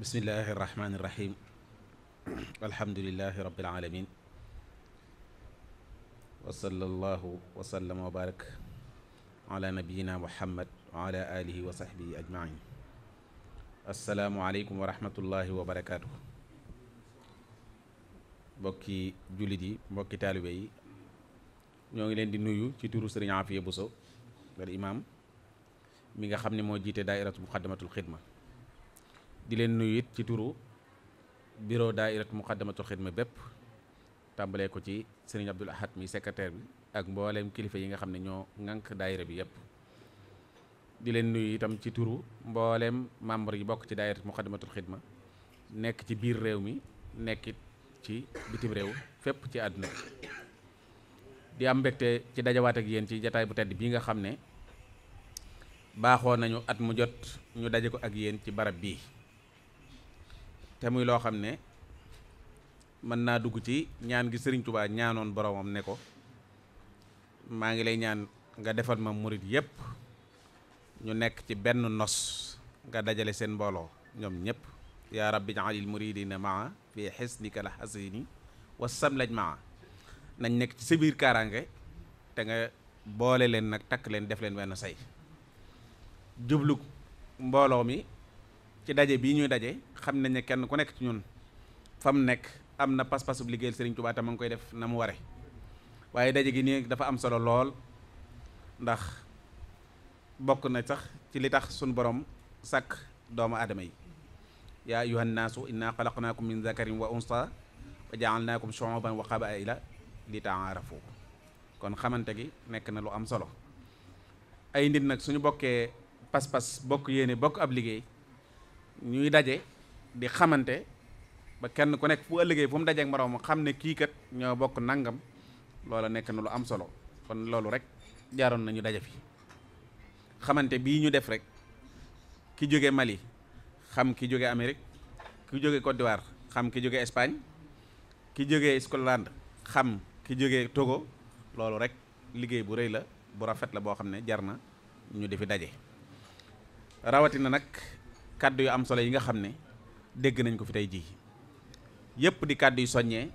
bismillahi irrahmani irrahim alhamdulilahi rabilalamin wasala allahu wasallama wa barak ala nabiyina muhammad wa ala alihi wa sahbihi ajmain asalaamualeykum wa rahmatullahi wa barakatuh mbokki jullit yi mbokki taalibe yi ñoo ngi leen di nuyu ci turu sëriñ Afiya Buso wala imaam mi nga xam ne moo jiite daairatu muqaddamatul xidma di leen nuyu it ci turu bureau daairat muqaddamatul xidma bépp tàmbalee ko ci sëriñ Abdul Ahad mi secrétaire bi ak mbooleem kilifa yi nga xam ne ñoo ŋànk daayira bi yëpp di leen nuyu itam ci turu mbooleem membre yi bokk ci daairat muqaddamatul xidma nekk ci biir réew mi nekkit ci bitim réew fépp ci àdduna bi di am mbégte ci dajawaat ak yéen ci jataay bu tedd bii nga xam ne baaxoo nañu at mu jot ñu daje ko ak yéen ci barab bii te muy loo xam ne mën naa dugg ci ñaan gi sëriñ tubaa ñaanoon boromam ne ko maa ngi lay ñaan nga defal ma murit yépp ñu nekk ci benn nos nga dajale seen mbooloo ñoom ñépp yaa rabbi jaalil muridina maa fi ni la xasini wa samlaj maa nañ nekk ci sa biir kaaraange te nga boole leen nag takk leen def leen wenn say jublu mbooloo mi ci daje bi ñuy daje xam nañ ne kenn ku nekk ci ñun fa mu nekk am na pas-pasub liggéeyal Serigne Touba te ma ngi koy def na mu ware waaye daje gi nii dafa am solo lool ndax bokk na sax ci li tax sunu borom sàkk doomu aadama yi yaa ayuha nnaasu inna xalaqnaakum min zakarin wa unsa wa jaalnaakum shuuban wa qabaila li taarafu kon xamante gi nekk na lu am solo ay nit nag suñu bokkee pas-pas bokk yéene bokk ab liggéey ñuy daje di xamante ba kenn ku nekk bu ëllëgee fu mu dajeek moroom xam ne kii kat ñoo bokk nangam loola nekk na lu am solo kon loolu rek jaaroon nañu daje fi xamante bii ñu def rek ki jóge Mali xam ki jóge Amérique ki jóge Côte d'Ivoire xam ki jóge Espagne ki jóge Scotland xam ki jóge Togo loolu rek liggéey bu rëy la bu rafet la boo xam ne jar na ñu di fi daje rawatina nag kàddu yu am solo yi nga xam ne dégg nañ ko fi tey jii yépp di kàddu yu soññee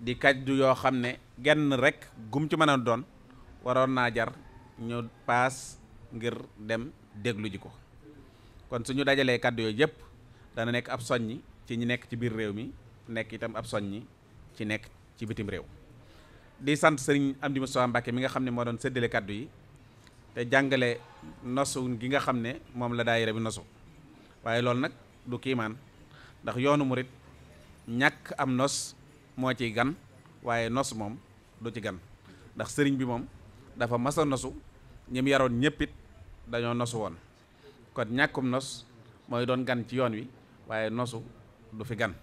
di kàddu yoo xam ne genn rek gum ci mën a doon waroon naa jar ñu paas ngir dem déglu ko kon suñu dajalee kàddu yooyu yépp dana nekk ab soññi ci ñi nekk ci biir réew mi nekk itam ab soññi ci nekk ci bitim réew di sant sëriñ mu Mustafaa Mbàkke mi nga xam ne moo doon séddale kàddu yi te jàngale nosu gi nga xam ne moom la daayira bi nosu waaye loolu nag du kiimaan ndax yoonu murit ñàkk am nos moo ciy gan waaye nos moom du ci gan ndax sëriñ bi moom dafa mas a nosu ñim yaroon ñëppit dañoo nosu woon kon ñàkkum nos mooy doon gan ci yoon wi waaye nosu du fi gan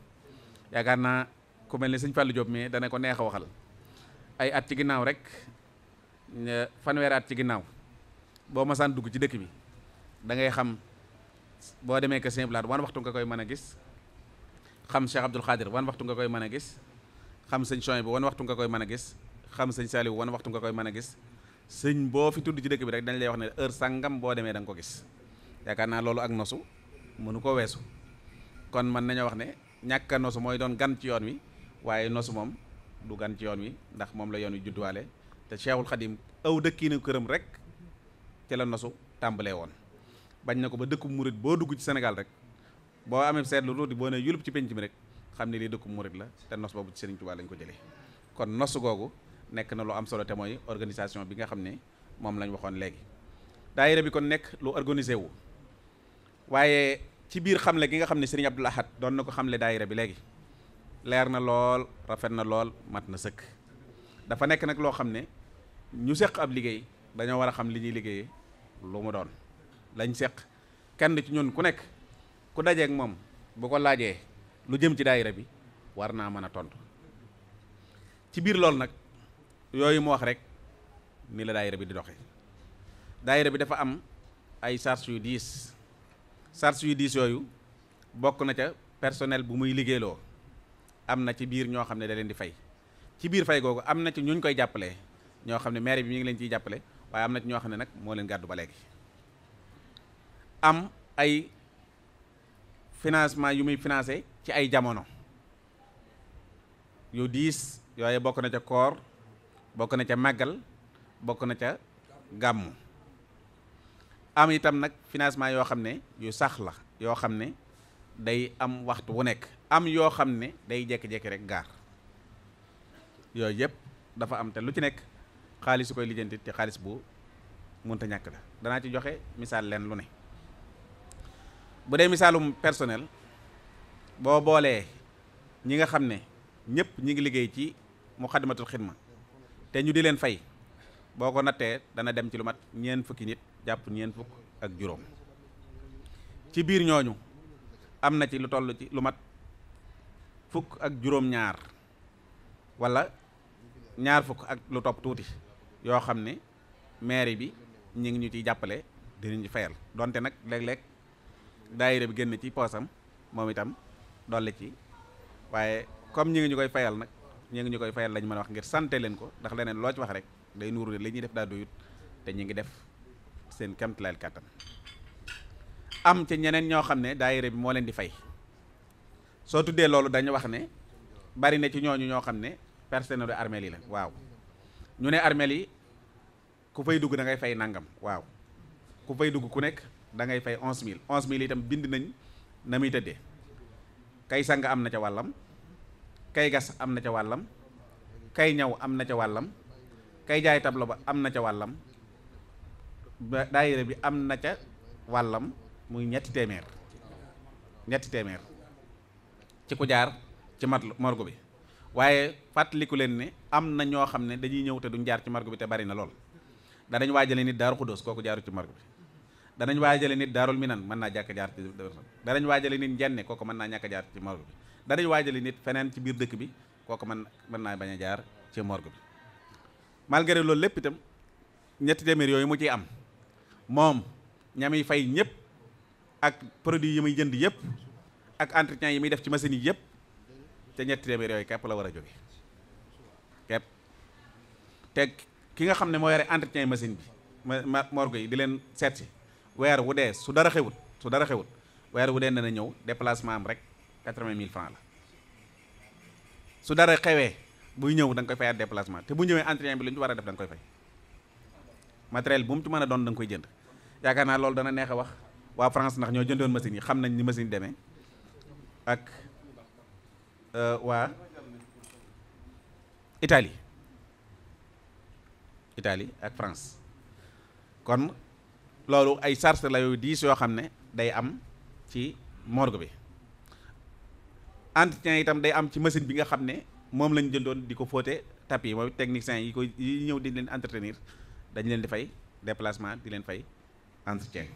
yaakaar naa ku mel ni sëñ Fallou Diop mi dana ko neex a waxal ay at ci ginnaaw rek fanweeri at ci ginnaaw boo masaan dugg ci dëkk bi da xam boo demee que Sëñ Blaat wan waxtu nga koy mën a gis xam Cheikh Abdoul Khadir wan waxtu nga koy mën a gis xam sëñ Chouaïbou wan waxtu nga koy mën a gis xam sëñ Saliou wan waxtu nga koy mën a gis sëñ boo fi tudd ci dëkk bi rek dañu lay wax ne heure sàngam boo demee da nga ko gis yaakaar naa loolu ak nosu mënu ko weesu kon mën nañoo wax ne ñàkk nosu mooy doon gan ci yoon wi waaye nosu moom du gan ci yoon wi ndax moom la yoon wi judduwaale te Cheikhul Khadim aw dëkkiinu këram rek ci la nosu tàmbalee woon bañ na ko ba dëkk bu murit boo dugg ci Sénégal rek boo amee seetlu tuuti boo ne yulub ci penc mi rek xam ne lii dëkk bu murit la te nos boobu ci Serigne Touba lañ ko jëlee kon nos googu nekk na lu am solo te mooy organisation bi nga xam ne moom lañ waxoon léegi daayira bi kon nekk lu organisé wu waaye ci biir xam ne gi nga xam ne Serigne Abdoul Ahad doon na ko xam ne daayira bi léegi leer na lool rafet na lool mat na sëkk dafa nekk nag loo xam ne ñu seq ab liggéey dañoo war a xam li ñuy liggéeyee lu mu doon lañ seq kenn ci ñun ku nekk ku dajeek moom bu ko laajee lu jëm ci daayira bi war naa mën a tontu ci biir loolu nag yooyu mu wax rek ni la daayira bi di doxe daayira bi dafa am ay charges yu diis charges yu diis yooyu bokk na ca personnel bu muy liggéeyloo am na ci biir ñoo xam ne da di fay ci biir fay googu am na ci ñuñ koy jàppale ñoo xam ne maire bi mi ngi leen ciy jàppale waaye am na ci ñoo xam ne nag moo leen gàddu ba léegi am ay financement yu muy financé ci ay jamono yu diis yooye bokk na ca koor bokk na ca màggal bokk na ca gàmmu am itam nag financement yoo xam ne yu sax la yoo xam ne day am waxtu wu nekk am yoo xam ne day jékki-jékki rek gaar yooyu yëpp dafa am te lu ci nekk xaalisu su koy lijjanti te xaalis bu munta ñàkk la danaa ci joxe misaal leen lu ne bu dee misaalum personnel boo boolee ñi nga xam ne ñëpp ñi ngi liggéey ci mu Muxaddamatul Xidma te ñu di leen fay boo ko nattee dana dem ci lu mat ñeen fukki nit jàpp ñeen fukk ak juróom ci biir ñooñu am na ci lu toll ci lu mat fukk ak juróom-ñaar walla ñaar fukk ak lu topp tuuti yoo xam ne mairie bi ñu ngi ñu ci jàppale dinañu fayal donte nag léeg-léeg daayira bi génn ci poosam moom itam dolli ci waaye comme ñu ngi ñu koy fayal nag ñu ngi ñu koy fayal lañ mën a wax ngir sante leen ko ndax leneen loo ci wax rek day nuuru ne li ñuy def daa doyut te ñu ngi def seen kamtilaal kàttan am ci ñeneen ñoo xam ne daayira bi moo leen di fay soo tuddee loolu dañu wax ne bari na ci ñooñu ñoo xam ne personnel de armée yi la waaw ñu ne armée yi ku fay dugg da ngay fay nangam waaw ku fay dugg ku nekk da ngay fay onze mille onze mille itam bind nañ na muy tëddee kay sang am na ca wàllam kay gas am na ca wàllam kay ñaw am na ca wàllam kay jaay tablo ba am na ca wàllam ba daayira bi am na ca wàllam muy ñetti téeméer ñetti téeméer ci ku jaar ci mat morgo bi waaye fàttaliku leen ne am na ñoo xam ne dañuy ñëw te duñ jaar ci morgo bi te bari na lool da dañ waajale nit daaru xuddoos kooku jaaru ci morgo bi danañ waajale nit daarul minan mën naa jàkka jaar ci danañ waajale nit njenne kooku mën naa ñàkk jaar ci morgue bi danañ waajale nit feneen ci biir dëkk bi kooko mën mën naa bañ a jaar ci morgue bi malgré loolu lépp itam ñetti téeméer yooyu mu ciy am moom ñami fay ñëpp ak produit yi muy jënd yëpp ak entretien yi muy def ci machine yi yëpp te ñetti téeméer yooyu kepp la war a jóge képp teg ki nga xam ne moo yore entretien machine bi ma morgue yi di leen seet si weer wu dee su dara xewut su dara xewut weer wu dee dana ñëw déplacement am rek quatre-vingt mille francs la su dara xewee buy ñëw da nga koy fayaat déplacement te bu ñëwee entretien bi lu ñu war a def da nga koy fay matériel bu mu ci mën a doon da koy jënd yaakaar naa loolu dana neex a wax waa France ndax ñoo jëndoon machine yi xam nañ ni machine demee ak euh, waa Italie Italie ak France kon loolu ay charge la yu diis yoo xam ne day am ci morgue bi entretien itam day am ci machine bi nga xam ne moom lañ jëndoon di ko fóote tapis mooy technicien yi koy yi ñëw di leen entretenir dañ leen di fay déplacement di leen fay entretien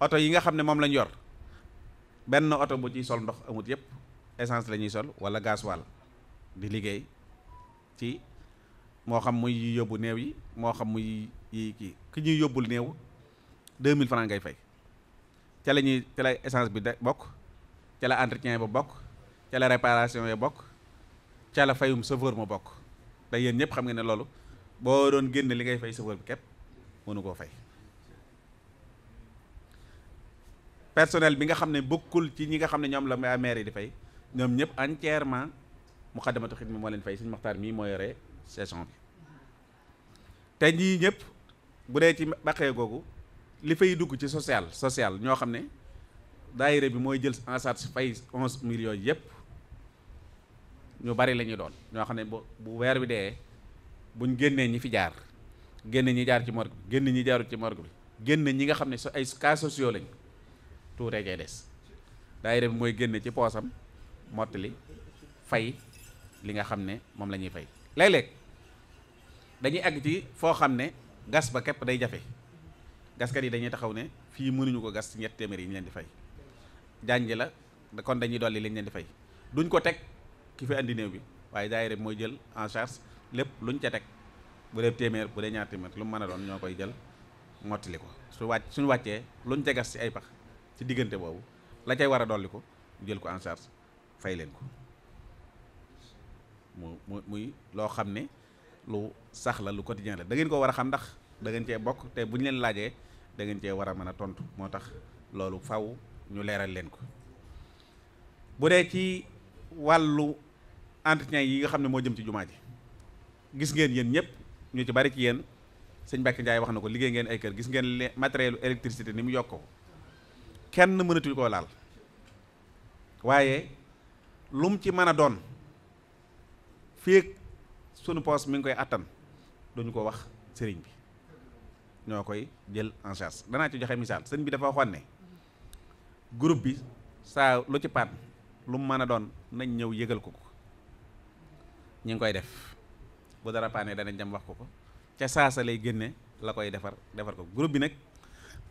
oto yi nga xam ne moom lañ yor benn oto bu ciy sol ndox amut yëpp essence lañuy ñuy sol wala gasoil di liggéey ci moo xam muy yóbbu néew yi moo xam muy yi kii ki ñuy yóbbul néew mille francs ngay fay ca la ñuy ca la essence bi de bokk cala la entretien ba bokk ca réparation ya bokk ca la fayum chauffeur ma bokk te yéen ñëpp xam nga ne loolu boo doon génne li ngay fay chauffeur bi képp mënu koo fay personnel bi nga xam ne bokkul ci ñi nga xam ne ñoom la maire yi di fay ñoom ñëpp entièrement Muxaddamatul Xidma moo leen fay suñ Maxtaar mii moo yore saison bi te ñii ñëpp bu dee ci baqee googu li fay dugg ci social social ñoo xam ne daayira bi mooy jël en charge fay onze millions yëpp ñu bari la ñuy doon ñoo xam ne bu bu weer bi dee buñ génnee ñi fi jaar génn ñi jaar ci morgue bi génn ñi jaarut ci morgue bi génn ñi nga xam ne ay cas sociaux lañ tuutee kay des daayira bi mooy génn ci poosam mottali fay li nga xam ne moom la ñuy fay léeg dañuy àgg ci foo xam ne gas ba képp day jafe gaskat yi dañuy taxaw ne fii mënuñu ko gas ñett téeméer yi ñu leen di fay jànj la kon dañuy dolli li leen di fay duñ ko teg ki fi andi néew bi waaye daayira bi mooy jël en charge lépp ñu ca teg bu dee téeméer bu dee ñaar téeméer lu mu mën a doon ñoo koy jël mottali ko su wàcc suñu wàccee lu luñ ca gas ci ay pax ci diggante boobu la cay war a dolli ko jël ko en charge fay leen ko mu muy loo xam ne lu sax la lu quotidien la da ngeen ko war a xam ndax da ngeen cee bokk te bu ñu leen laajee da ngeen cee war a mën a tontu moo tax loolu faw ñu leeral leen ko bu dee ci wàllu entretien yi nga xam ne moo jëm ci jumaa ji gis ngeen yéen ñëpp ñu ci bari ci yéen sëñ Mbacke Ndiaye wax na ko liggéey ngeen ay kër gis ngeen le matériel électricité ni mu yokk ko kenn mënatuñ koo laal waaye lum ci mën a doon fii sunu poos mu ngi koy àttan duñu ko wax sëriñ bi ñoo koy jël en charge danaa ci joxe misaal sëriñ bi dafa waxoon ne groupe bi saa lu ci paan lu mu mën a doon nañ ñëw yëgal ko ko ñu ngi koy def bu dara paanee danañ dem wax ko ko ca saasa lay génne la koy defar defar ko groupe bi nag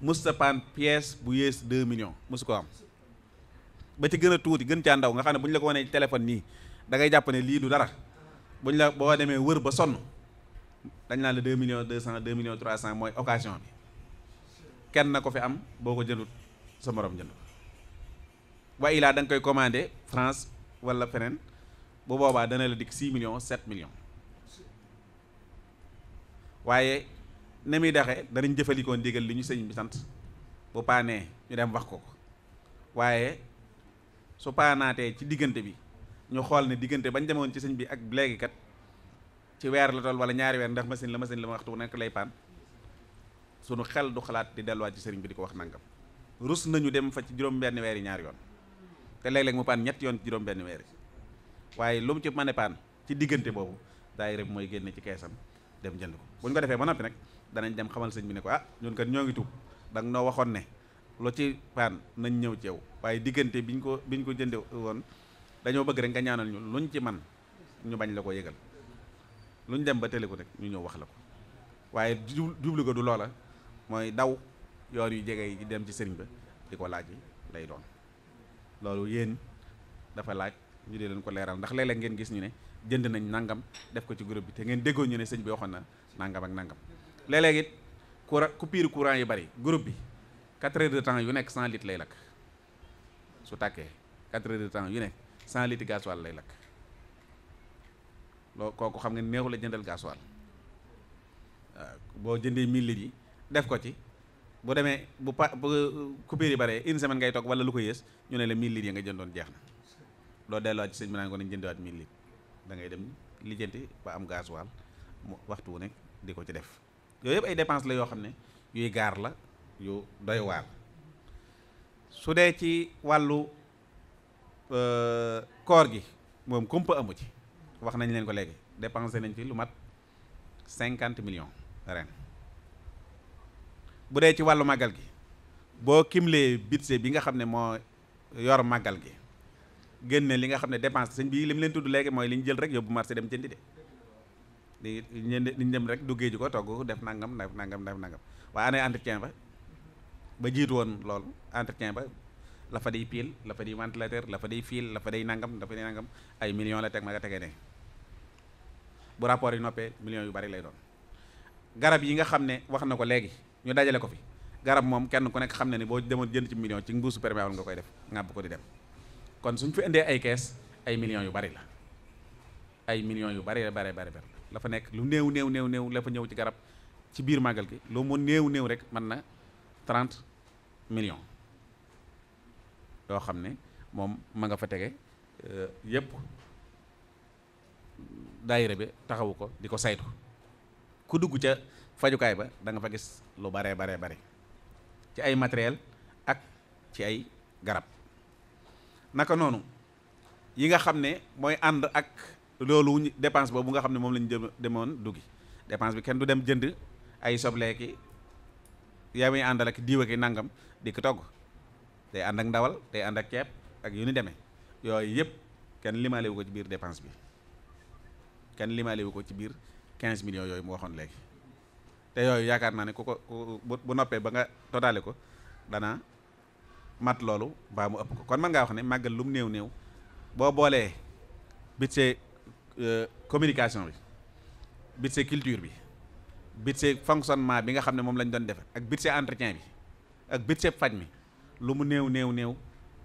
musta paan pièce bu yées 2 millions mësu ko am ba ci gën a tuuti gën caa ndaw nga xam ne bu ñu la ko wanee téléphone nii da ngay jàpp ne lii du dara bu ñu la boo demee wër ba sonn dañ naan la deux millions deux cent deux millions trois cent mooy occasion bi kenn na ko fi am boo ko jëndut sa morom jënd wa ilaa da koy commandé France wala feneen bu boobaa dana la dikk six millions sept millions waaye ne muy daxee danañ jëfalikoo ndigal li ñu sëñ bi sant bu paanee ñu dem wax ko ko waaye su paanaatee ci diggante bi ñu xool ne diggante bañ demoon ci sëñ bi ak léegi kat ci weer la toll wala ñaari weer ndax machine la machine la ma waxtu nekk lay paan sunu xel du xalaat di delluwaat ci sëriñ bi di ko wax nangam rus nañu dem fa ci juróom-benn weer yi ñaari yoon te léeg-léeg mu paan ñetti yoon ci juróom-benn weer yi waaye lu mu ci mane paan ci diggante boobu daay bi mooy génne ci keesam dem jënd ko bu ñu ko defee ba noppi nag danañ dem xamal sëñ bi ne ko ah kat ñoo ngi tuub danga noo waxoon ne lu ci paan nañ ñëw ci waaye diggante biñ ko biñ ko jënde woon dañoo bëgg rek nga ñaanal ñu luñ ci man ñu bañ la ko yëgal luñ dem ba télé ko rek ñu ñëw wax la ko waaye jublu ko du loola mooy daw yoon yu jege yi dem ci sëriñ ba di ko laaj lay doon loolu yéen dafa laaj ñu dee leen ko leeral ndax léeg ngeen gis ñu ne jënd nañ nangam def ko ci groupe bi te ngeen déggoon ñu ne sëñ bi waxoon na nangam ak nangam léeg-léeg it courant coupure courant yi bari groupe bi 4 de temps yu nekk 100 litres lay lakk su tàkkee 4 de temps yu nekk. sans litre gasoil lay lakk loo kooku xam nga neexu la jëndal gasoil waaw boo jëndee 1000 yi def ko ci bu demee bu pa bu coupure yi bare une semaine ngay toog wala lu ko yées ñu ne la 1000 yi nga jëndoon jeex na loo delluwaat ci sëñ bi naan ko nañ jëndiwaat 1000 litres da ngay dem lijjanti ba am gasoil mu waxtu wu nekk di ko ci def yooyu yëpp ay dépense la yoo xam ne yuy gaar la yu doy waar su dee ci wàllu Euh, koor gi moom kumpa amu ci wax nañ leen ko léegi dépensé nañ ci lu mat cinquante million ren bu dee ci wàllu màggal gi boo kimlee budget bi nga xam ne moo yor màggal gi génne li nga xam ne dépense sëñ bi li mu leen tudd léegi mooy li ñu jël rek yóbbu marché dem jëndi de di ñu dem rek duggee ji ko togg def nangam def nangam def nangam waaye année entretien ba ba jiitu woon loolu entretien ba la fa day pile la fa day ventilateur la fa day fil la fa day nangam la fa nangam ay millions la teg ma nga tegee bu rapport yi noppee million yu bari lay doon garab yi nga xam ne wax na ko léegi ñu dajale ko fi garab moom kenn ku nekk xam ne ni boo demoon jënd ci million ci mbuusu perméable nga koy def ngàbb ko di dem kon suñ fi indee ay kees ay millions yu bari la ay millions yu bari bari bari bari la fa nekk lu néew néew néew néew la fa ñëw ci garab ci biir màggal gi loo mu néew néew rek mën na 30 millions yoo xam ne moom ma nga fa tege eh, yëpp daayira bi taxawu ko di ko saytu ku dugg ca fajukaay ba danga fa gis lu baree baree bare ci ay matériel ak ci ay garab naka noonu yi nga xam ne mooy ànd ak loolu dépense boobu nga xam ne moom lañu jëm demoon duggi dépense bi kenn du dem jënd ay sobleeki yaa muy àndal ak diiw ak nangam di ko togg day ànd ak ndawal day ànd ak ceeb ak yu ni demee yooyu yëpp kenn limaale wu ko ci biir dépense bi kenn limaale ko ci biir quinze millions yooyu mu waxoon léegi te yooyu yaakaar naa ne ku ko bu noppee ba nga totaale ko danaa mat loolu mbaa ëpp ko kon mën ngaa wax ne màggal lu mu néew néew boo boolee budget euh, communication bi budget culture bi budget fonctionnement bi nga xam ne moom lañu doon def ak budget entretien bi ak budget faj mi lu mu néew néew néew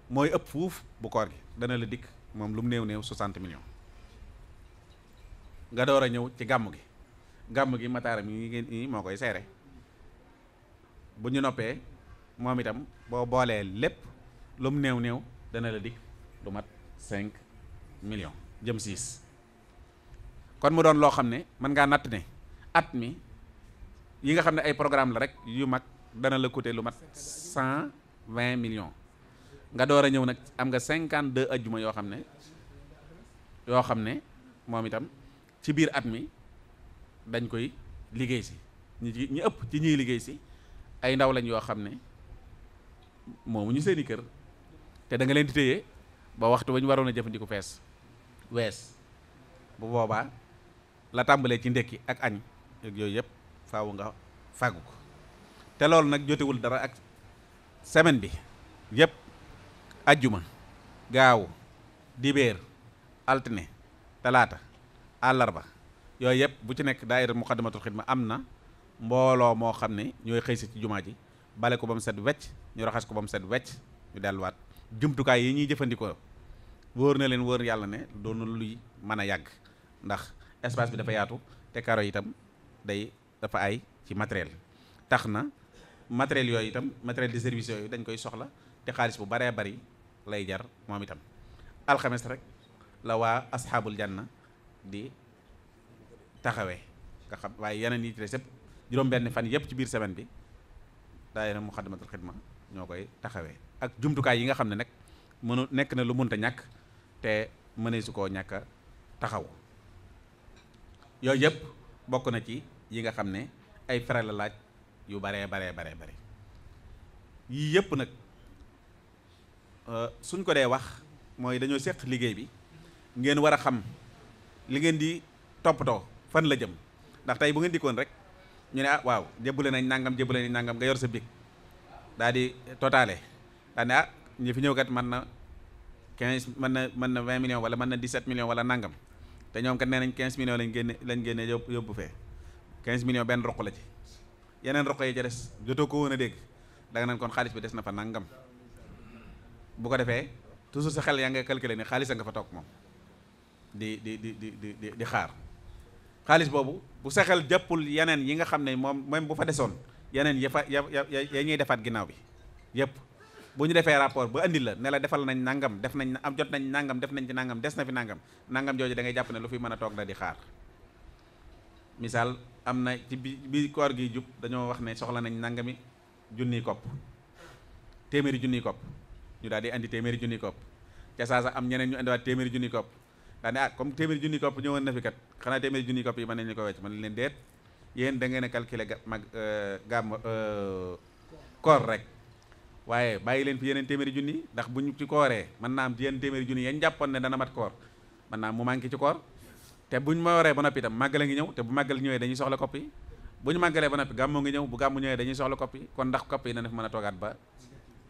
mooy ëpp fuuf bu koor gi dana la dikk moom lu mu néew néew 60 millions nga door a ñëw ci gàmm gi gàmm gi mataaram yi ngeen moo koy seere bu ñu noppee moom itam boo boolee lépp lu néew néew dana la dikk lu mat 5 millions jëm 6 kon mu doon loo xam ne mën ngaa natt ne at mi yi nga xam ne ay programme la rek yu mag dana la coûter lu mat vingt million nga door a ñëw nag am nga cinquante deux ajjuma yoo xam ne yoo xam ne moom itam ci biir at mi dañ koy liggéey si ñi ci ëpp ci ñuy liggéey si ay ndaw lañ yoo xam ne moomu ñu seeni kër te danga leen di téye ba waxtu ba waroon a jëfandiku fees wees bu boobaa la tàmbalee ci ndekki ak añ yooyu yëpp faaw nga fàggu ko te loolu nag jotewul dara ak semaine bi yëpp ajjuma gaaw dibeer altine talaata àllarba yooyu yëpp bu ci nekk daayira muqaddamatul xidma am na mbooloo moo xam ne ñooy xëy si ci jumaa ji bale ko ba mu set wecc ñu raxas ko ba mu set wecc ñu delluwaat jumtukaay yi ñuy jëfandikoo wóor na leen wóor yàlla ne doon na luy mën a yàgg ndax espace bi dafa yaatu te karo itam day dafa ay ci matériel tax na matériel yooyu itam matériel de service yooyu dañ koy soxla te xaalis bu baree bari lay jar moom itam alxames rek la waa asxaabul na di taxawee nga xam waaye yeneen yi ci des juróom-benn fan yëpp ci biir semaine bi daay daayira Muxaddamatul Xidma ñoo koy taxawee ak jumtukaay yi nga xam ne nag mënu nekk na lu munta ñàkk te mënee su koo ñàkk taxaw yooyu yëpp bokk na ci yi nga xam ne ay frais laaj yu baree baree baree bare yii yëpp nag euh, suñ ko dee wax mooy dañoo seq liggéey bi ngeen war a xam li ngeen di toppatoo fan la jëm ndax tey bu ngeen dikkoon rek ñu ne ah waaw jébale nañ nangam jébale nañ nangam nga yor sa big daal di totaale daal ne ah ñi fi ñëw kat man na 15 mën na mën na 20 millions wala mën na 17 millions wala nangam te ñoom kat nee nañ 15 millions lañ génne lañ génne yóbbu yóbbu fee 15 millions benn roq la ci. yeneen roqo yi ca des jotoo ko woon a dégg da nga naan kon xaalis bi des na fa nangam bu ko defee toujours sa xel yaa nga calculer ni xaalis a nga fa toog moom di di di di xaar xaalis boobu bu sa xel jàppul yeneen yi nga xam ne moom même bu fa desoon yeneen ya fa ya ya ñuy defaat ginnaaw bi yëpp bu ñu defee rapport ba andi la ne la defal nañ nangam def nañ am jot nañ nangam def nañ ci nangam des na fi nangam nangam jooju da ngay jàpp ne lu fi mën a toog la di xaar misaal am na ci bi bi koor gi jub dañoo wax ne soxla nañ nangami junni kopp téeméeri junni kopp ñu daal di andi téeméeri junni kopp ca am ñeneen ñu andiwaat téeméeri junniy kopp ah comme téeméeri junni kopp ñëwoon na fi kat xanaa téeméeri junni kopp yi mën nañu ko wecc mën leen deet yéen da ngeen a calculer ga mag euh, gàmm euh, koor rek waaye bàyyi leen fi yeneen téeméeri junni ndax bu ñu ci kooree mën naa am ci yenn téeméeri junni yéen jàppoon ne dana mat koor mën naa mu manqué ci koor te buñ ma waree ba noppi itam màggale ngi ñëw te bu màggal ñëwee dañuy soxla kopp yi bu ñu màggalee ba noppi gàmmu ngi ñëw bu gàmmu ñëwee dañuy soxla kopp yi kon ndax kopp yi na def mën a toogaat ba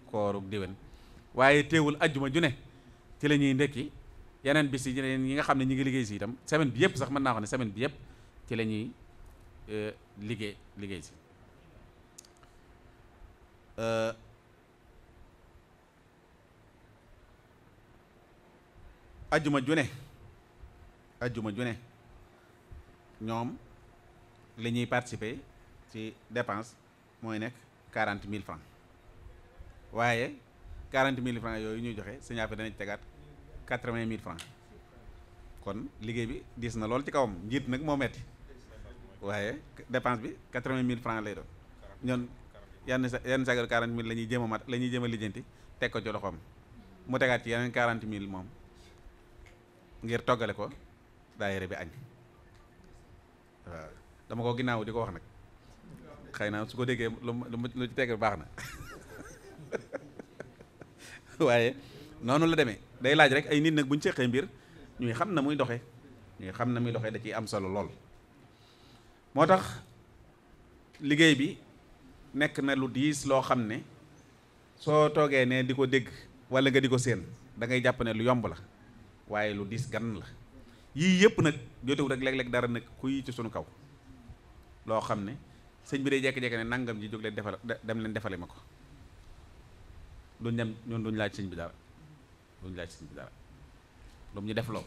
kooru déwén waaye teewul ajjuma ju ne ci la ñuy ndekki yeneen bis yi ñi nga xam ne ñi ngi liggéey si itam semaine yëpp sax mën naa wax ne semaine ci la ñuy euh, liggéey liggéey si euh, ajjuma ju ajjuma ju ne ñoom li ñuy participer ci dépense mooy nekk quarante mille francs waaye quarante mille francs yooyu ñuy joxe sëñ Afia danañ tegaat quatre-vingt mille francs kon liggéey bi diis na lool ci kawam njiit nag moo metti waaye dépense bi quatre-vingt mille francs lay doon ñoon yenn sa yenn sagar quarante mille la ñuy jéem mat la ñuy jéem a lijjanti teg ko ci loxoom mu tegaat ci yeneen quarante mille moom ngir toggale ko daayira bi añ waaw dama ko ginnaaw di ko wax nag xëy na su ko déggee lu lu ci teg baax na waaye noonu la demee day laaj rek ay nit nag buñ seqee mbir ñuy xam na muy doxe ñuy xam na muy doxe da ciy am solo lool moo tax liggéey bi nekk na lu diis loo xam ne soo toogee ne di ko dégg walla nga di ko séen da ngay jàpp ne lu yomb la waaye lu diis gan la yii yëpp nag jotewut ak léeg-léeg dara nag kuy ci suñu kaw loo xam ne sëñ bi day jekki-jekki ne nangam ji jóg leen defal dem leen defale ma ko duñ dem ñoom duñ laaj sëñ bi dara duñ laaj sëñ ñu def loo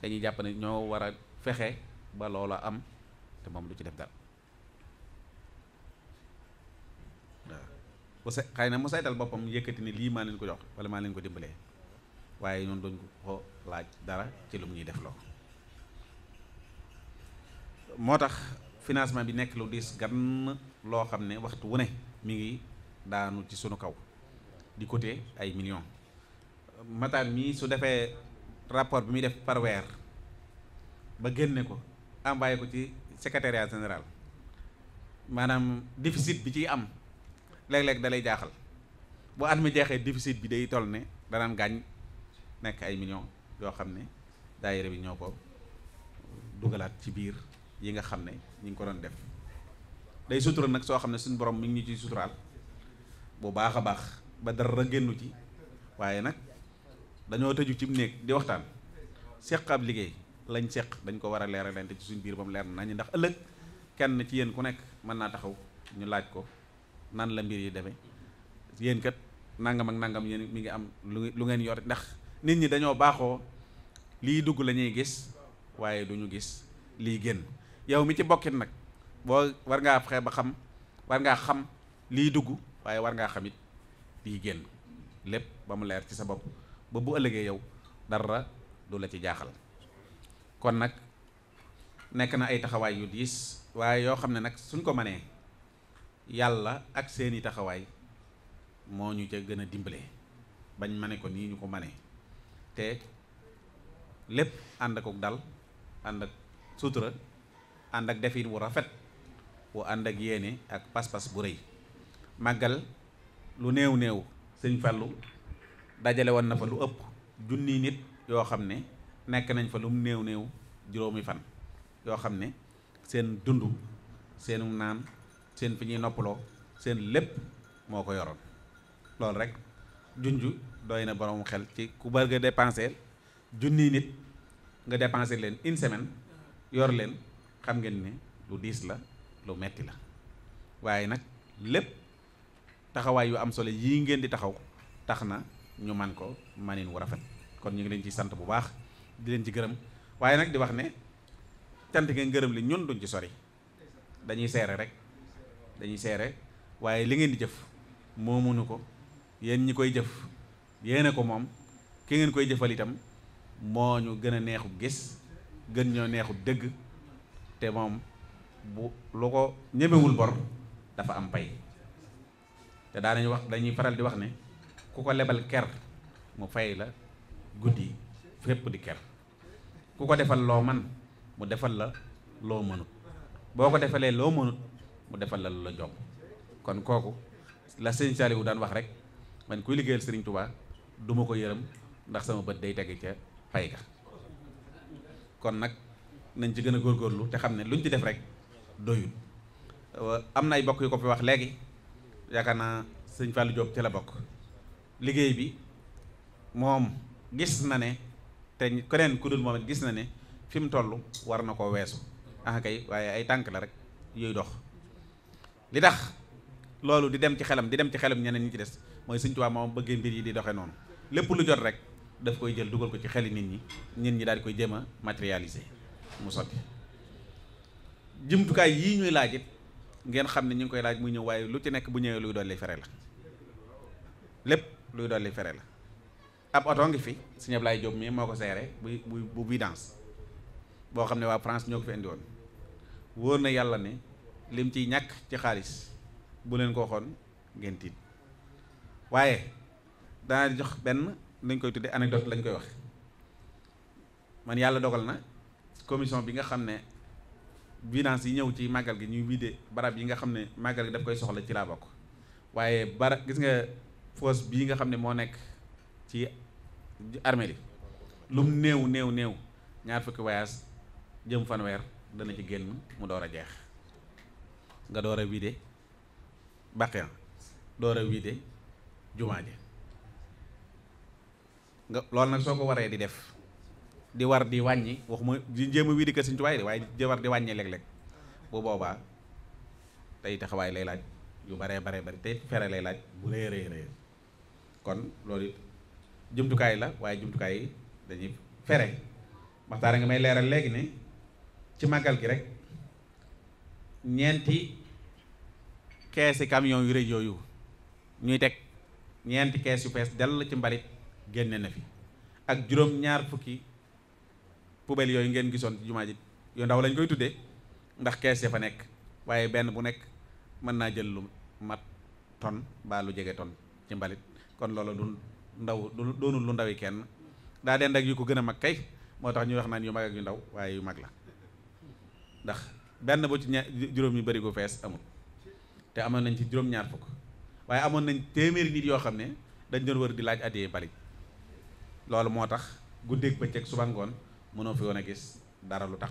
dañuy jàpp ne ñoo war a fexe ba loola am te moom lu ci def dara waaw sa xëy na mu saytal boppam yëkkati ni lii maa leen ko jox wala maa leen ko dimbalee waaye ñoom duñ ko laaj dara ci lu mu ñuy def loo moo tax financement bi nekk lu diis gan loo xam ne waxtu wu ne mi ngi daanu ci sunu kaw di côté ay millions mataan mii su defee rapport bi muy def par ba génne ko envoyé ko ci secrétariat général maanaam déficit bi ciy am léeg-léeg dalay jaaxal boo at mi jeexee déficit bi day toll ne danaan gaañ nekk ay millions yoo xam ne daayira bi ñoo ko dugalaat ci biir yi nga xam ne ñu ngi ko doon def day sutura nag soo xam ne suñu borom mi ngi ñu ciy suturaal bu baax a baax ba dara génnu ci waaye nag dañoo tëju ci néeg di waxtaan seq ab liggéey lañ seq dañ ko war a leeralante ci suñ biir ba mu leer nañu ndax ëllëg kenn ci yéen ku nekk mën naa taxaw ñu laaj ko nan la mbir yi demee yéen kat nangam ak nangam yéen mi ngi am lu lu ngeen yor ndax nit ñi dañoo baaxoo lii dugg lañuy gis waaye du ñu gis lii génn. yow mi ci bokkit nag boo war ngaa fexe ba xam war ngaa xam lii dugg waaye war ngaa xamit lii génn lépp ba mu leer ci sa bopp ba bu ëllëgee yow dara du la ci jaaxal kon nag nekk na ay taxawaay yu diis waaye yoo xam ne nag suñ ko manee yàlla ak seeni taxawaay moo ñu ca gën a dimbale bañ ma ne ko nii ñu ko manee te lépp ànd ak dal ànd ak sutura ànd ak defin wu rafet wu ànd ak yéene ak pas-pas bu rëy màggal lu néew néew sëñ Fallou dajale woon na fa lu ëpp junni nit yoo xam ne nekk nañ fa lu mu néew juróomi fan yoo xam ne seen dund seen naan seen fi ñuy noppaloo seen lépp moo ko yoroon loolu rek junj doy na borom xel ci ku bëgg a dépenser junni nit nga dépenser leen une semaine yor leen xam ngeen ne lu diis la lu metti la waaye nag lépp taxawaay yu am solo yii ngeen di taxaw tax na ñu man ko manin wu rafet kon ñu ngi leen ci sant bu baax di leen ci gërëm waaye nag di wax ne cant ngeen gërëm li ñun duñ ci sori dañuy seere rek dañuy seere waaye li ngeen di jëf moomuñu ko yéen ñi koy jëf yéene ko moom ki ngeen koy jëfal itam moo ñu gën a neexu gis gën ñoo neexu dëgg te moom bu lu ko ñemewul bor dafa am pay te daanañu wax dañuy faral di wax ne ku ko lebal ker mu fay la guddi fépp di ker ku ko defal loo man mu defal la loo mënut boo ko defalee loo mënut mu defal la lu la jomb kon kooku la sëñ Saliou daan wax rek man kuy liggéeyal Sëriñ Tuubaa duma ko yërëm ndax sama bët day tege ca pay kon nag nañ ci gën a góor góorlu te xam ne lu ñu ci def rek doyul am na ay bokk yu ko fi wax léegi yaakaar naa sëñ Fallou Diop ci la bokk liggéey bi moom gis na ne te keneen ku dul moom gis na ne fi mu toll war na koo weesu ah kay waaye ay tànk la rek yooyu dox li tax loolu di dem ci xelam di dem ci xelam ñeneen ñi ci des mooy Sëñ Tuubaa moom bëggee mbir yi di doxee noonu lépp lu jot rek daf koy jël dugal ko ci xeli nit ñi nit ñi daal di koy jéem a matérialiser. mu sotti jumtukaay yii ñuy laaj it ngeen xam ne ñu ngi koy laaj muy ñëw waaye lu ci nekk bu ñëwee luy dolli fere la lépp luy dolli fere la ab oto ngi fi sëñ Ablaye Diop mii moo ko seere bu bu bu vidange boo xam ne waa France ñoo ko fi indi woon wóor na yàlla ne lim ci ñàkk ci xaalis bu leen ko waxoon ngeen tiit waaye danaa jox benn lañ koy tuddee anecdote lañ koy wax man yàlla dogal na commission bi nga xam ne vidange yi ñëw ci màggal gi ñuy vidé barab yi nga xam ne màggal gi daf koy soxla ci laa bokk waaye barab gis nga fosse bii nga xam ne moo nekk ci armée li lum néew néew néew ñaar fukki voyage jëm fanweer dana ci génn mu door a jeex nga door a vidé Bakhina door a vidé jumaa ji nga loolu nag soo ko waree di def di war di wàññi waxuma di jéem a wii di kër Sëñ Tuubaa de waaye di war di wàññi léeg-léeg bu boobaa tey taxawaay lay laaj yu baree baree bari tey fere lay laaj bu rëy rëy kon loolu jumtukaay la waaye jumtukaay yi dañuy fere waxtaane nga may leeral léegi ne ci màggal gi rek ñeenti keesi camion yu rëy yooyu ñuy teg ñeenti kees yu fees dell ci mbalit génne na fi ak juróom ñaar fukki poubelle yooyu ngeen gisoon ci jumaa ji yu ndaw lañ koy tuddee ndax kees fa nekk waaye benn bu nekk mën naa jël lu mat ton baa lu jege ton ci mbalit kon loolu du ndaw lu doonul lu ndawi kenn daa dend ak yu ko gën a mag kay moo tax ñu wax naan yu mag ak yu ndaw waaye yu mag la ndax benn bu ci ña juróom bari ko fees amul te amoon nañ ci juróom-ñaar fukk waaye amoon nañ téeméeri nit yoo xam ne dañ doon wër di laaj addiyee mbalit loolu moo tax guddeeg bëccëg suba ngoon mënoo fi woon a gis dara lu tax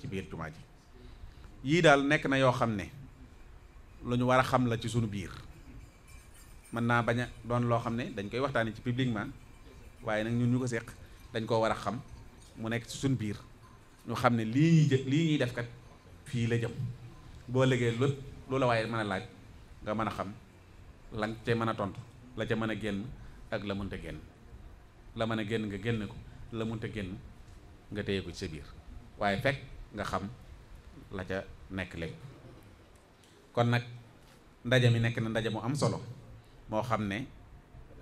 ci biir jumaa ji yii daal nekk na yoo xam ne lu ñu war a xam la ci sunu biir mën naa bañ a doon loo xam ne dañ koy waxtaanee ci publiquement waaye nag ñu ñu ko seq dañ koo war a xam mu nekk ci sunu biir ñu xam ne lii ñuy def kat fii la jëm boo liggéey lu lu la waaye mën a laaj nga mën a xam lan ca mën a tontu la ca mën a génn ak la mënta génn la mën a génn nga génn ko la mënta génn nga téye ko ci sa biir waaye fekk nga xam la ca nekk lépp kon nag ndaje mi nekk na ndaje mu am solo moo xam ne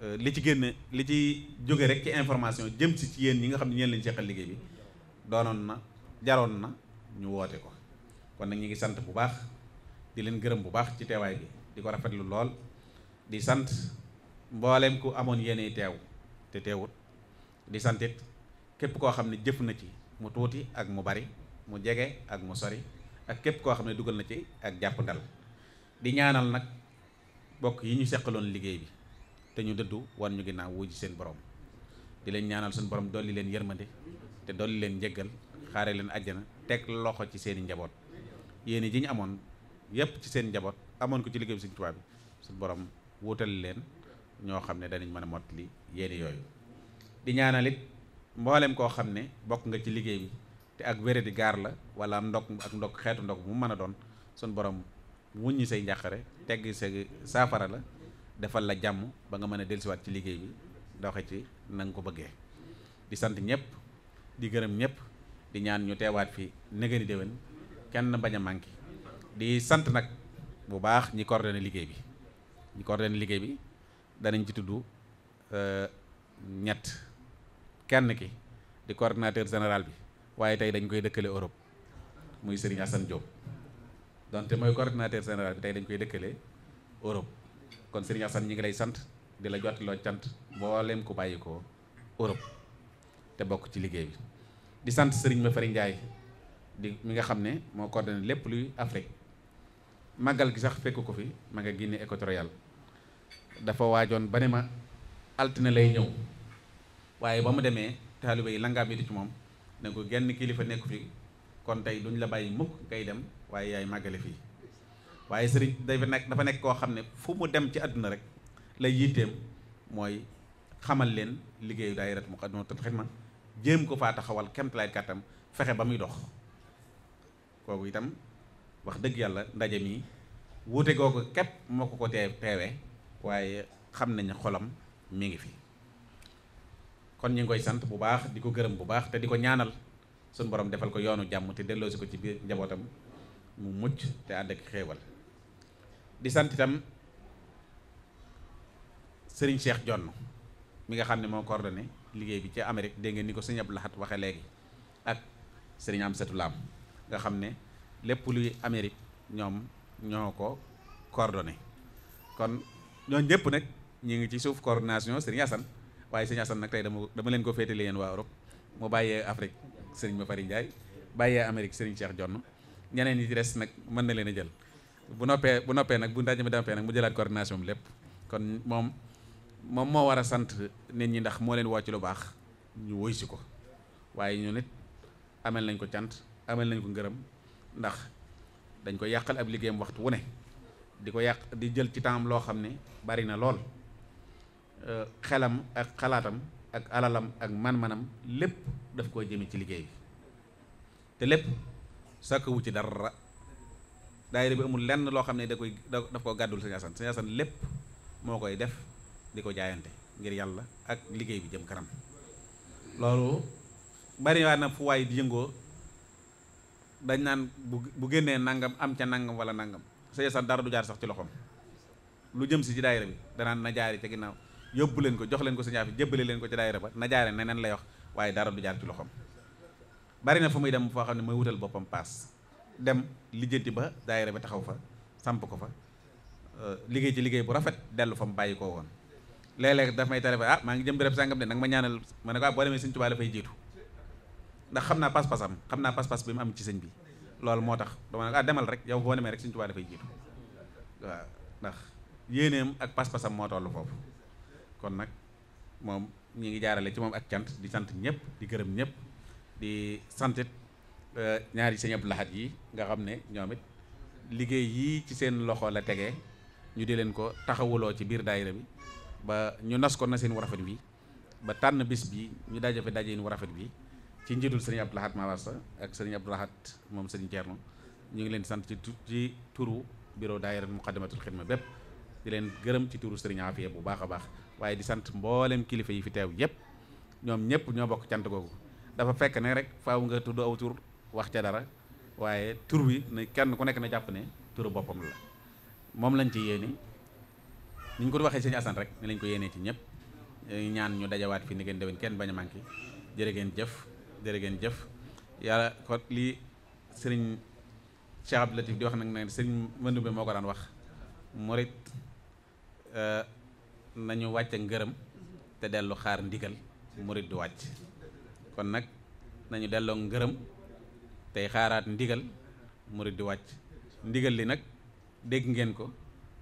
euh, li ci génn li ci jóge rek ci information jëm ci yéen ñi nga xam ne ñeen lañ seqal liggéey bi doonoon na jaroon na ñu woote ko kon nag ñu ngi sant bu baax di leen gërëm bu baax ci teewaay bi di ko rafetlu lool di sant mboolem ku amoon yéene teew te teewut di santit képp koo xam ne jëf na ci mu tuuti ak mu bari mu jege ak mu sori ak képp koo xam ne dugal na ci ak jàpp ndal di ñaanal nag bokk yi ñu seqaloon liggéey bi te ñu wan ñu ginnaaw wuy ji seen borom di leen ñaanal suñu borom dolli leen yërmande te dolli leen njëggal xaare leen àjjana teg loxo ci seen i njaboot yéen ji ñu amoon yépp ci seen njaboot amoon ko ci liggéey bi Sëriñ Tuubaa bi suñu borom wuutal leen ñoo xam ne danañ mën a mottali yéen yooyu di ñaanal mboolem koo xam ne bokk nga ci liggéey bi te ak wéradi gaar la wala am ndok ak ndok xeetu ndok bu mu mën a doon sun borom wuññi say njàqare tegg sa saafara la defal la jàmm ba nga mën a dellusiwaat ci liggéey bi doxe ci na nga ko bëggee di sant ñëpp di gërëm ñëpp di ñaan ñu teewaat fi nëgëni déwén kenn bañ a manqué di sant nag bu baax ñi coordonné liggéey bi ñi coordonné liggéey bi danañ ci tudd euh, ñett kenn ki di koordinateur général bi waaye tey dañ koy dëkkale Europe muy Serigne Assane Diop donte mooy coordinateur général bi tey dañ koy dëkkale Europe kon Serigne Assane ñi ngi lay sant di la jottiloo cant mboolem ku bàyyi ko Europe te bokk ci liggéey bi di sant Serigne Mafari Ndiaye di mi nga xam ne moo coordonné lépp luy Afrique màggal gi sax fekk ko fi ma nga Guinée équatoriale dafa waajoon ba ne ma altine lay ñëw waaye ba mu demee taalibe yi langaam yi ci moom ne ko genn kilifa nekku fi kon tey duñ la bàyyi mukk ngay dem waaye yaay màggale fii waaye sëriñ dafa nekk dafa nekk koo xam ne fu mu dem ci àdduna rek lay yitteem mooy xamal leen liggéeyu daayiratu Muqaddamatul Xidma jéem ko faa taxawal kemtalaay kàttam fexe ba muy dox kooku itam wax dëgg yàlla ndaje mi wuute googu képp moo ko ko teewee waaye xam nañ xolam mi ngi fi kon ñu ngi koy sant bu baax di ko gërëm bu baax te di ko ñaanal suñu boroom defal ko yoonu jàmm te delloosi ko ci biir njabootam mu mucc te ànd ak xéewal di santitam sëriñ Serigne Cheikh Jonn mi nga xam ne moo coordonné liggéey bi ci Amérique dégg ngeen ni ko sëñ Abdou Lahat waxee léegi ak Serigne setu Lam nga xam ne lépp luy Amérique ñoom ñoo ko coordonné kon ñoo ñëpp nag ñu ngi ci suuf coordination Serigne Assane waaye sëñ Assane nag tey dama dama leen ko féetale yéen waa Europe mu bàyyee Afrique sëriñ Mafari Ndiaye bàyyee Amérique sëriñ Cheikh Jonn ñeneen yi ci des nag mën na leen a jël bu noppee bu noppee nag bu ndaje mi dampee nag mu jëlaat coordination lépp kon moom moom moo war a sant nit ñi ndax moo leen woo lu baax ñu woy si ko waaye ñu amel nañ ko cant amel nañ ko ngërëm ndax dañ ko yàqal ab liggéeyam waxtu wu ne di ko yàq di jël ci temps loo xam ne bari na lool xelam ak xalaatam ak alalam ak man-manam lépp daf koo jëme ci liggéey bi te lépp sàkkawu ci dara daayira bi amul lenn loo xam ne da koy daf koo gàddul Sëñ Asan lépp moo koy def di ko jaayante ngir yàlla ak liggéey bi jëm kanam loolu bari waa na fu waay yëngoo dañ naan bu bu génnee nangam am ca nangam wala nangam Sëñ Asan dara du jaar sax ci loxoom lu jëm si ci daayira bi danaan na jaari ca ginnaaw yóbbu leen ko jox leen ko si sëñ Aafiya jébbale leen ko ci daayira ba na jaare neneen la wax waaye dara du jaar ci loxoom bari na fu muy dem foo xam ne mooy wutal boppam paas dem lijjanti ba daayira ba taxaw fa samp ko fa euh, liggéey ci liggéey bu rafet dellu fa mu bàyyi koo woon léeg-léeg daf may téléphoné ah maa ngi jëm bi rek sàngam de nag ma ñaanal ma ne ko ah boo demee sëñ Tuubaa la fay jiitu ndax xam naa pas-pasam xam naa pas-pas bi mu am ci sëñ bi loolu moo tax dama ne ko ah, demal rek yow boo demee rek sëñ Tuubaa dafay jiitu waaw ndax yéeneem ak pas moo toll foofu kon nag moom ñu ngi jaarale ci moom ak cant di sant ñëpp di gërëm ñëpp di santit euh, ñaari sëñ Abdou Lahad yi nga xam ne ñoom liggéey yi ci seen loxo la tege ñu di leen ko taxawuloo ci biir daayira bi ba ñu nas ko na seen wu rafet bi ba tànn bis bi ñu daje fi daje wu rafet bi ci njiitul sëriñ Abdou Lahad Mawarsa ak sëriñ Abdou Lahad moom sëriñ Thierno ñu ngi leen sant ci ci turu bureau daayira Muqaddamatul ma bépp di leen gërëm ci turu sëriñ Afia bu baax a baax waaye di sant mboolem kilifa yi fi teew yëpp ñoom ñëpp ñoo bokk cant kooku dafa fekk ne rek faaw nga tudd aw wax ca dara waaye tur wi ne kenn ku nekk na jàpp ne turu boppam la moom lañ ci yéene ni ñu ko waxee sëñ Assane rek ni lañ ko yéenee ci ñëpp ñaan ñu dajawaat fi ni ngeen déwén kenn bañ a manqué jërë ngeen jëf jërë geen jëf yàlla kon lii sëriñ Cheikh Abdou Latif di wax nag ne sëriñ Mëndumbe moo ko daan wax murit euh, nañu wàcce ngërëm te dellu xaar ndigal murit di wàcc kon nag nañu delloo ngërëm tey xaaraat ndigal murit di wàcc ndigal li nag dégg ngeen ko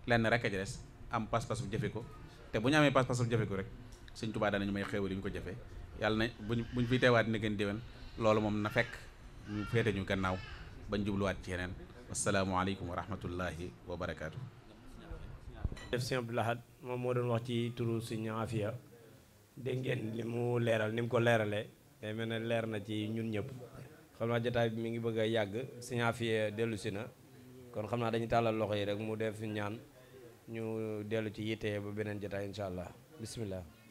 lenn rekk a ci am pas-pas bu jëfe ko te bu ñu amee pas-pas bu jëfe ko rek Sëñ Tuubaa danañu may xéewal yu ñu ko jëfe yàlla na buñ buñ fiy teewaat ni ngeen déwén loolu moom na fekk ñu féete ñu gannaaw bañ jubluwaat ci yeneen wasalaamualeykum wa rahmatullahi wa barakaatu. def sëñ Abdou moom moo doon wax ci turu sëñ Afia dégg li mu leeral ni mu ko leeralee day mel ne leer na ci ñun ñëpp xam naa jotaay bi mi ngi bëgg a yàgg sëñ Afia dellu si na kon xam naa dañu tàllal loxo yi rek mu def ñaan ñu dellu ci yitte ba beneen jotaay incha allah bisimilah.